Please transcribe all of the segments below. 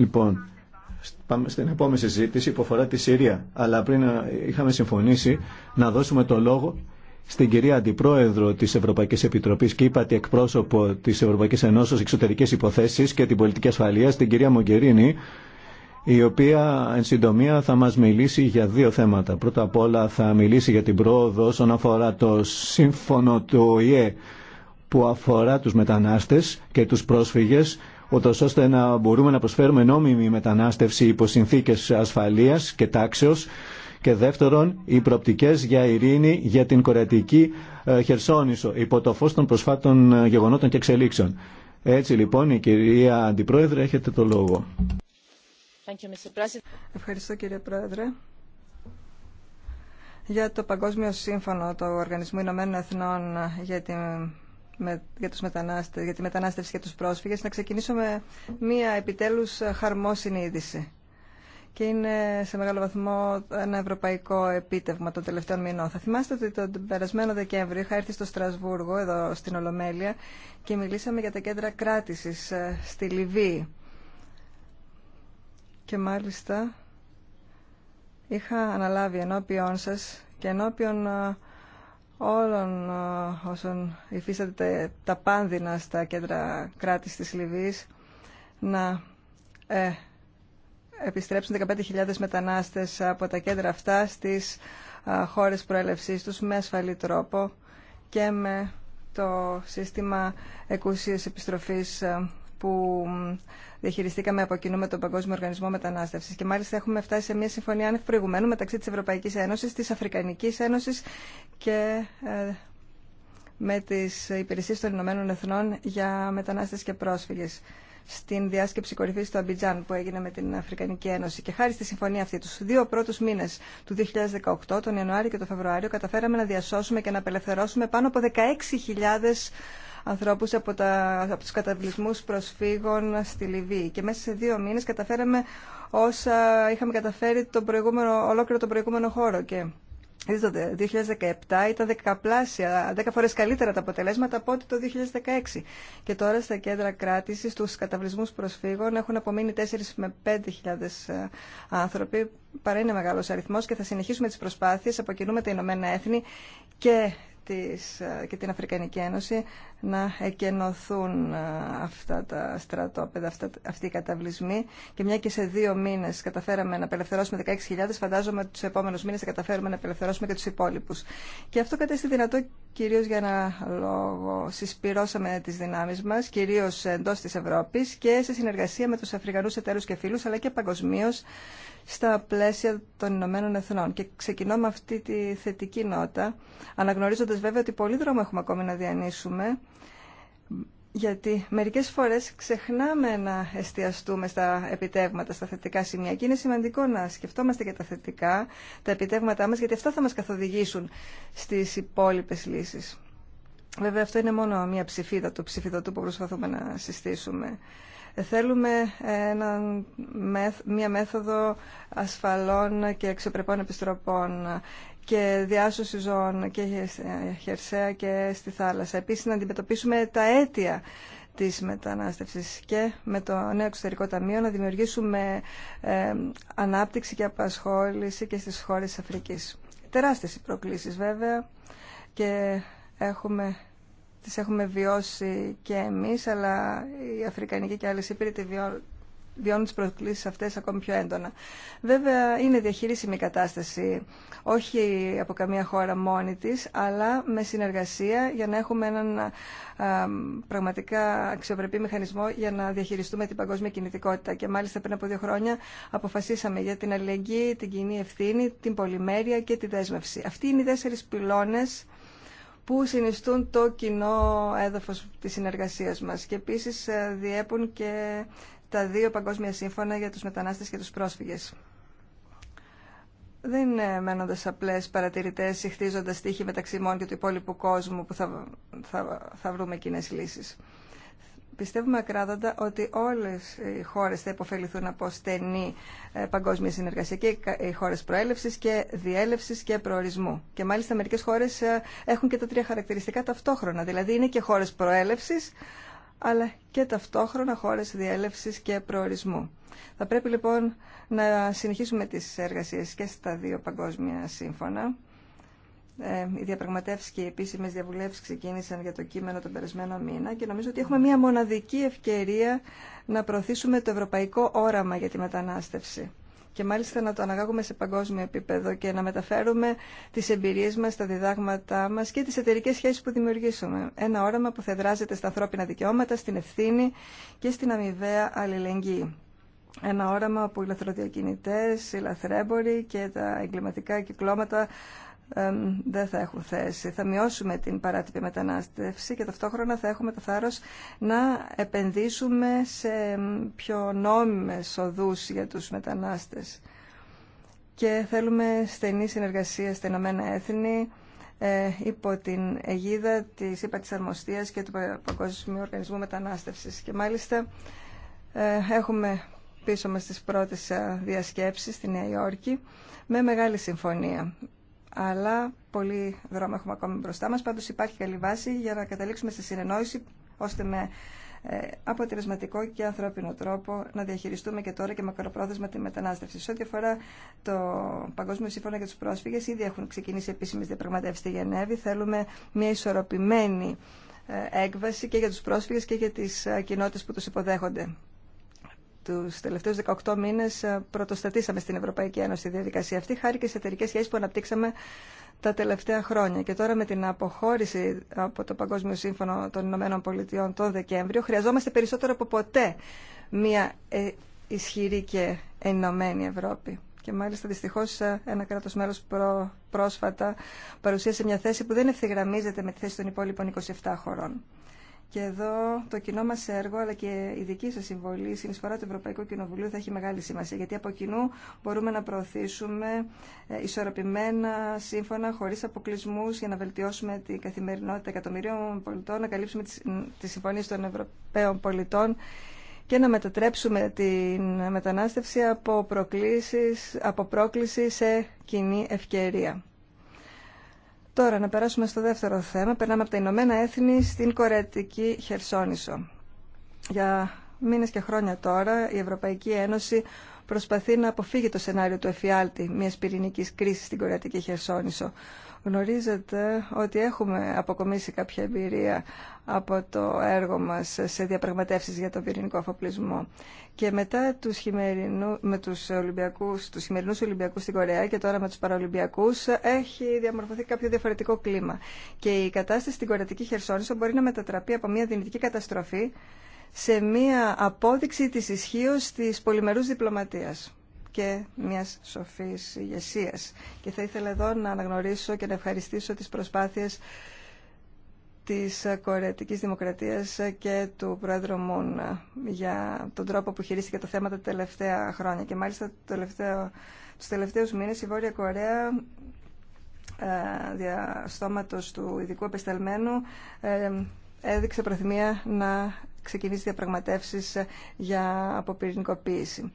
Λοιπόν, πάμε στην επόμενη συζήτηση που αφορά τη Συρία. Αλλά πριν ε, είχαμε συμφωνήσει να δώσουμε το λόγο στην κυρία Αντιπρόεδρο τη Ευρωπαϊκή Επιτροπή και είπατε εκπρόσωπο τη Ευρωπαϊκή Ενώσεω Εξωτερικέ Υποθέσει και την Πολιτική Ασφαλεία, την κυρία Μογκερίνη, η οποία εν συντομία θα μα μιλήσει για δύο θέματα. Πρώτα απ' όλα θα μιλήσει για την πρόοδο όσον αφορά το σύμφωνο του ΟΗΕ που αφορά τους μετανάστες και τους πρόσφυγες ούτω ώστε να μπορούμε να προσφέρουμε νόμιμη μετανάστευση υπό συνθήκες ασφαλεία και τάξεως και δεύτερον οι προπτικές για ειρήνη για την κορεατική ε, Χερσόνησο υπό το φω των προσφάτων ε, γεγονότων και εξελίξεων. Έτσι λοιπόν η κυρία Αντιπρόεδρε έχετε το λόγο. Ευχαριστώ κύριε Πρόεδρε. Για το Παγκόσμιο Σύμφωνο του Οργανισμού Ηνωμένων Εθνών για την με, για, τους μετανάστες, για τη μετανάστευση και τους πρόσφυγες να ξεκινήσω με μία επιτέλους χαρμόσυνη είδηση. Και είναι σε μεγάλο βαθμό ένα ευρωπαϊκό επίτευγμα των τελευταίων μηνών. Θα θυμάστε ότι τον περασμένο Δεκέμβριο είχα έρθει στο Στρασβούργο, εδώ στην Ολομέλεια, και μιλήσαμε για τα κέντρα κράτησης ε, στη Λιβύη. Και μάλιστα είχα αναλάβει ενώπιον σας και ενώπιον ε, όλων ε, όσων υφίσταται τα πάνδυνα στα κέντρα κράτης της Λιβύης να ε, επιστρέψουν 15.000 μετανάστες από τα κέντρα αυτά στις α, ε, χώρες προέλευσής τους με ασφαλή τρόπο και με το σύστημα εκούσιας επιστροφής που διαχειριστήκαμε από κοινού με τον Παγκόσμιο Οργανισμό Μετανάστευση. Και μάλιστα έχουμε φτάσει σε μια συμφωνία άνευ προηγουμένου μεταξύ τη Ευρωπαϊκή Ένωση, τη Αφρικανική Ένωση και ε, με τι υπηρεσίε των Ηνωμένων Εθνών για μετανάστες και πρόσφυγε στην διάσκεψη κορυφής του Αμπιτζάν που έγινε με την Αφρικανική Ένωση. Και χάρη στη συμφωνία αυτή, τους δύο πρώτους μήνες του 2018, τον Ιανουάριο και τον Φεβρουάριο, καταφέραμε να διασώσουμε και να απελευθερώσουμε πάνω από 16.000 ανθρώπους από, τα, από τους καταβλισμούς προσφύγων στη Λιβύη. Και μέσα σε δύο μήνες καταφέραμε όσα είχαμε καταφέρει τον προηγούμενο, ολόκληρο τον προηγούμενο χώρο. Και το 2017 ήταν δεκαπλάσια, δέκα φορές καλύτερα τα αποτελέσματα από ό,τι το 2016. Και τώρα στα κέντρα κράτησης, στους καταβλισμούς προσφύγων έχουν απομείνει 4 με 5.000 ε, άνθρωποι. Παρά είναι μεγάλος αριθμός και θα συνεχίσουμε τις προσπάθειες, αποκοινούμε τα Ηνωμένα Έθνη της, ε, και την Αφρικανική Ένωση να εκενωθούν ε, αυτά τα στρατόπεδα, αυτά, αυτοί οι καταβλισμοί και μια και σε δύο μήνες καταφέραμε να απελευθερώσουμε 16.000 φαντάζομαι τους επόμενους μήνες θα καταφέρουμε να απελευθερώσουμε και τους υπόλοιπους. Και αυτό κατέστη δυνατό κυρίως για ένα λόγο. Συσπυρώσαμε τις δυνάμεις μας, κυρίως εντός της Ευρώπης και σε συνεργασία με τους Αφρικανούς εταίρους και φίλους αλλά και παγκοσμίω στα πλαίσια των Ηνωμένων Εθνών. Και ξεκινώ με αυτή τη θετική νότα, αναγνωρίζοντας βέβαια ότι πολύ δρόμο έχουμε ακόμη να διανύσουμε, γιατί μερικές φορές ξεχνάμε να εστιαστούμε στα επιτεύγματα, στα θετικά σημεία και είναι σημαντικό να σκεφτόμαστε και τα θετικά, τα επιτεύγματά μας, γιατί αυτά θα μας καθοδηγήσουν στις υπόλοιπε λύσεις. Βέβαια αυτό είναι μόνο μια ψηφίδα του ψηφιδωτού που προσπαθούμε να συστήσουμε. Θέλουμε ε, ένα, μια μέθοδο ασφαλών και εξωπρεπών επιστροπών και διάσωση ζώων και χερσαία και στη θάλασσα. Επίσης να αντιμετωπίσουμε τα αίτια της μετανάστευσης και με το νέο εξωτερικό ταμείο να δημιουργήσουμε ε, ανάπτυξη και απασχόληση και στις χώρες της Αφρικής. Τεράστιες οι προκλήσεις βέβαια και έχουμε τις έχουμε βιώσει και εμείς, αλλά οι Αφρικανικοί και άλλες ήπειροι βιώνουν τις προκλήσεις αυτές ακόμη πιο έντονα. Βέβαια, είναι διαχειρίσιμη η κατάσταση, όχι από καμία χώρα μόνη της, αλλά με συνεργασία για να έχουμε έναν πραγματικά αξιοπρεπή μηχανισμό για να διαχειριστούμε την παγκόσμια κινητικότητα. Και μάλιστα πριν από δύο χρόνια αποφασίσαμε για την αλληλεγγύη, την κοινή ευθύνη, την πολυμέρεια και τη δέσμευση. Αυτοί είναι οι τέσσερις πυλώνες που συνιστούν το κοινό έδαφος της συνεργασίας μας και επίσης ε, διέπουν και τα δύο παγκόσμια σύμφωνα για τους μετανάστες και τους πρόσφυγες. Δεν είναι μένοντα απλέ παρατηρητές, ή χτίζοντα τύχη μεταξύ μόνο και του υπόλοιπου κόσμου που θα, θα, θα βρούμε κοινέ λύσεις. Πιστεύουμε ακράδαντα ότι όλες οι χώρες θα υποφεληθούν από στενή ε, παγκόσμια συνεργασία και οι χώρες προέλευσης και διέλευσης και προορισμού. Και μάλιστα μερικές χώρες ε, έχουν και τα τρία χαρακτηριστικά ταυτόχρονα. Δηλαδή είναι και χώρες προέλευσης αλλά και ταυτόχρονα χώρες διέλευσης και προορισμού. Θα πρέπει λοιπόν να συνεχίσουμε τις εργασίες και στα δύο παγκόσμια σύμφωνα ε, οι διαπραγματεύσει και οι επίσημε διαβουλεύσει ξεκίνησαν για το κείμενο τον περασμένο μήνα και νομίζω ότι έχουμε μία μοναδική ευκαιρία να προωθήσουμε το ευρωπαϊκό όραμα για τη μετανάστευση. Και μάλιστα να το αναγάγουμε σε παγκόσμιο επίπεδο και να μεταφέρουμε τι εμπειρίε μα, τα διδάγματά μα και τι εταιρικέ σχέσει που δημιουργήσουμε. Ένα όραμα που θα δράζεται στα ανθρώπινα δικαιώματα, στην ευθύνη και στην αμοιβαία αλληλεγγύη. Ένα όραμα που οι λαθροδιακινητέ, οι λαθρέμποροι και τα εγκληματικά κυκλώματα δεν θα έχουν θέση. Θα μειώσουμε την παράτυπη μετανάστευση και ταυτόχρονα θα έχουμε το θάρρος να επενδύσουμε σε πιο νόμιμες οδούς για τους μετανάστες. Και θέλουμε στενή συνεργασία στα Ηνωμένα Έθνη ε, υπό την αιγίδα της ΥΠΑ της Αρμοστίας και του Παγκόσμιου Οργανισμού Μετανάστευσης. Και μάλιστα ε, έχουμε πίσω μας τις πρώτες ε, διασκέψεις στη Νέα Υόρκη με μεγάλη συμφωνία αλλά πολύ δρόμο έχουμε ακόμη μπροστά μας. Πάντως υπάρχει καλή βάση για να καταλήξουμε στη συνεννόηση, ώστε με ε, αποτελεσματικό και ανθρώπινο τρόπο να διαχειριστούμε και τώρα και μακροπρόθεσμα τη μετανάστευση. Σε ό,τι αφορά το Παγκόσμιο Σύμφωνο για του Πρόσφυγε, ήδη έχουν ξεκινήσει επίσημε διαπραγματεύσει στη Γενέβη. Θέλουμε μια ισορροπημένη ε, έκβαση και για του πρόσφυγε και για τις ε, κοινότητε που του υποδέχονται τους τελευταίους 18 μήνες ε, πρωτοστατήσαμε στην Ευρωπαϊκή Ένωση τη διαδικασία αυτή, χάρη και σε εταιρικέ σχέσεις που αναπτύξαμε τα τελευταία χρόνια. Και τώρα με την αποχώρηση από το Παγκόσμιο Σύμφωνο των Ηνωμένων Πολιτειών τον Δεκέμβριο, χρειαζόμαστε περισσότερο από ποτέ μια ε, ισχυρή και ενωμένη Ευρώπη. Και μάλιστα δυστυχώ ε, ένα κράτο μέλο πρόσφατα παρουσίασε μια θέση που δεν ευθυγραμμίζεται με τη θέση των υπόλοιπων 27 χωρών. Και εδώ το κοινό μα έργο, αλλά και η δική σα συμβολή, η συνεισφορά του Ευρωπαϊκού Κοινοβουλίου θα έχει μεγάλη σημασία. Γιατί από κοινού μπορούμε να προωθήσουμε ε, ισορροπημένα σύμφωνα, χωρί αποκλεισμού, για να βελτιώσουμε την καθημερινότητα εκατομμυρίων πολιτών, να καλύψουμε τι συμφωνίε των Ευρωπαίων πολιτών και να μετατρέψουμε την μετανάστευση από, από πρόκληση σε κοινή ευκαιρία. Τώρα να περάσουμε στο δεύτερο θέμα. Περνάμε από τα Ηνωμένα Έθνη στην Κορεατική Χερσόνησο. Για μήνες και χρόνια τώρα η Ευρωπαϊκή Ένωση προσπαθεί να αποφύγει το σενάριο του εφιάλτη μιας πυρηνικής κρίσης στην Κορεατική Χερσόνησο. Γνωρίζετε ότι έχουμε αποκομίσει κάποια εμπειρία από το έργο μας σε διαπραγματεύσεις για τον πυρηνικό αφοπλισμό. Και μετά τους χειμερινού, με τους, Ολυμπιακούς, τους χειμερινούς Ολυμπιακούς στην Κορέα και τώρα με τους Παραολυμπιακούς έχει διαμορφωθεί κάποιο διαφορετικό κλίμα. Και η κατάσταση στην Κορεατική Χερσόνησο μπορεί να μετατραπεί από μια δυνητική καταστροφή σε μία απόδειξη της ισχύω της πολυμερούς διπλωματίας και μιας σοφής ηγεσία. Και θα ήθελα εδώ να αναγνωρίσω και να ευχαριστήσω τις προσπάθειες της Κορεατικής Δημοκρατίας και του Πρόεδρου Μουν για τον τρόπο που χειρίστηκε το θέμα τα τελευταία χρόνια. Και μάλιστα το τελευταίο, τους τελευταίους μήνες η Βόρεια Κορέα ε, στόματος του ειδικού επεσταλμένου ε, έδειξε προθυμία να ξεκινήσει διαπραγματεύσεις ε, για αποπυρηνικοποίηση.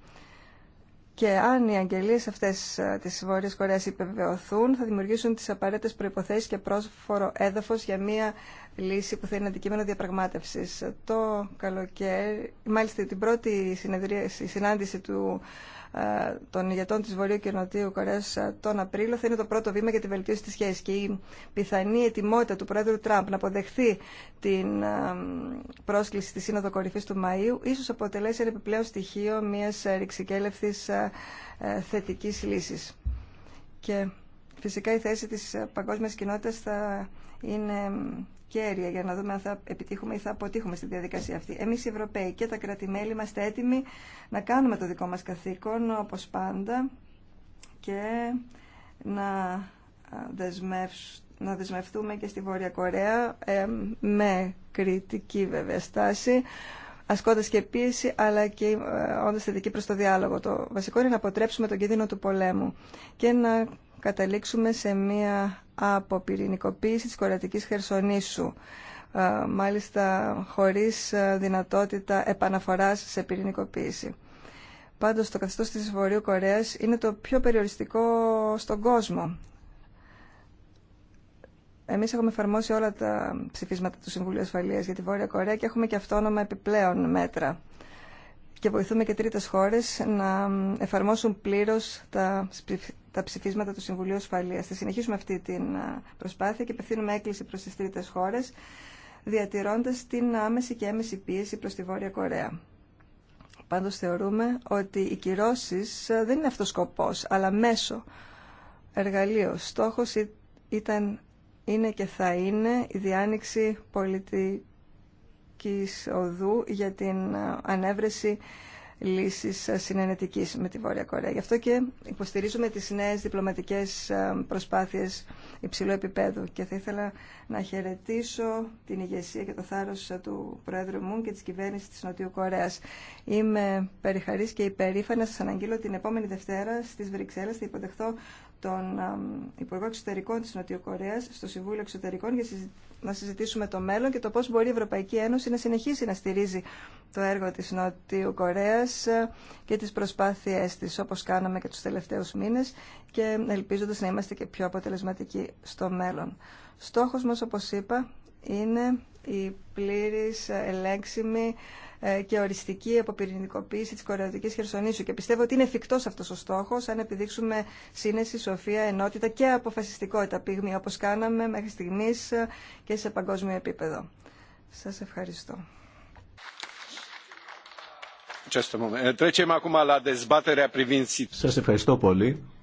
Και αν οι αγγελίε αυτέ ε, τη Βόρεια Κορέα υπεβεβαιωθούν, θα δημιουργήσουν τι απαραίτητε προποθέσει και πρόσφορο έδαφο για μία λύση που θα είναι αντικείμενο διαπραγμάτευση. Το καλοκαίρι, μάλιστα την πρώτη συνάντηση του, ε, των ηγετών τη Βορείου και Νοτιού Κορέα ε, τον Απρίλιο, θα είναι το πρώτο βήμα για τη βελτίωση τη σχέση. Και η πιθανή ετοιμότητα του Πρόεδρου Τραμπ να αποδεχθεί την πρόσκληση τη Σύνοδο Κορυφή του Μαΐου, ίσω αποτελέσει ένα επιπλέον στοιχείο μια ρηξικέλευθη ε, θετικής λύσης. Και φυσικά η θέση της παγκόσμιας κοινότητας θα είναι κέρια για να δούμε αν θα επιτύχουμε ή θα αποτύχουμε στη διαδικασία αυτή. Εμείς οι Ευρωπαίοι και τα κρατημέλη είμαστε έτοιμοι να κάνουμε το δικό μας καθήκον όπως πάντα και να, να δεσμευτούμε και στη Βόρεια Κορέα ε, με κριτική βέβαια στάση ασκώντας και πίεση αλλά και ε, όντας θετική προς το διάλογο. Το βασικό είναι να αποτρέψουμε τον κίνδυνο του πολέμου και να καταλήξουμε σε μία αποπυρηνικοποίηση της κορατική χερσονήσου ε, μάλιστα χωρίς ε, δυνατότητα επαναφοράς σε πυρηνικοποίηση. Πάντως το καθεστώς τη Βορείου Κορέας είναι το πιο περιοριστικό στον κόσμο Εμεί έχουμε εφαρμόσει όλα τα ψηφίσματα του Συμβουλίου Ασφαλείας για τη Βόρεια Κορέα και έχουμε και αυτόνομα επιπλέον μέτρα. Και βοηθούμε και τρίτε χώρε να εφαρμόσουν πλήρω τα, τα ψηφίσματα του Συμβουλίου Ασφαλείας. Θα συνεχίσουμε αυτή την προσπάθεια και απευθύνουμε έκκληση προ τι τρίτε χώρε, διατηρώντας την άμεση και έμεση πίεση προ τη Βόρεια Κορέα. Πάντως θεωρούμε ότι οι κυρώσει δεν είναι αυτός σκοπό, αλλά μέσο, εργαλείο, στόχο ήταν είναι και θα είναι η διάνοιξη πολιτικής οδού για την ε, ανέβρεση λύσης ε, συνενετικής με τη Βόρεια Κορέα. Γι' αυτό και υποστηρίζουμε τις νέες διπλωματικές ε, προσπάθειες υψηλού επίπεδου και θα ήθελα να χαιρετήσω την ηγεσία και το θάρρος του Πρόεδρου μου και της κυβέρνησης της Νοτιού Κορέας. Είμαι περιχαρής και υπερήφανα. Σας αναγγείλω την επόμενη Δευτέρα στις Βρυξέλλες θα υποδεχθώ τον Υπουργό Εξωτερικών της Νοτιοκορέας στο Συμβούλιο Εξωτερικών για να συζητήσουμε το μέλλον και το πώς μπορεί η Ευρωπαϊκή Ένωση να συνεχίσει να στηρίζει το έργο της Νότιου Κορέας ε, και τις προσπάθειές της, όπως κάναμε και τους τελευταίους μήνες και ελπίζοντας να είμαστε και πιο αποτελεσματικοί στο μέλλον. Στόχος μας, όπως είπα, είναι η πλήρης, ε, ελέγξιμη ε, και οριστική αποπυρηνικοποίηση της Κορεατικής Χερσονήσου. Και πιστεύω ότι είναι εφικτός αυτός ο στόχος αν επιδείξουμε σύνεση, σοφία, ενότητα και αποφασιστικότητα πυγμή, όπως κάναμε μέχρι στιγμής ε, και σε παγκόσμιο επίπεδο. Σας ευχαριστώ. Σας ευχαριστώ πολύ.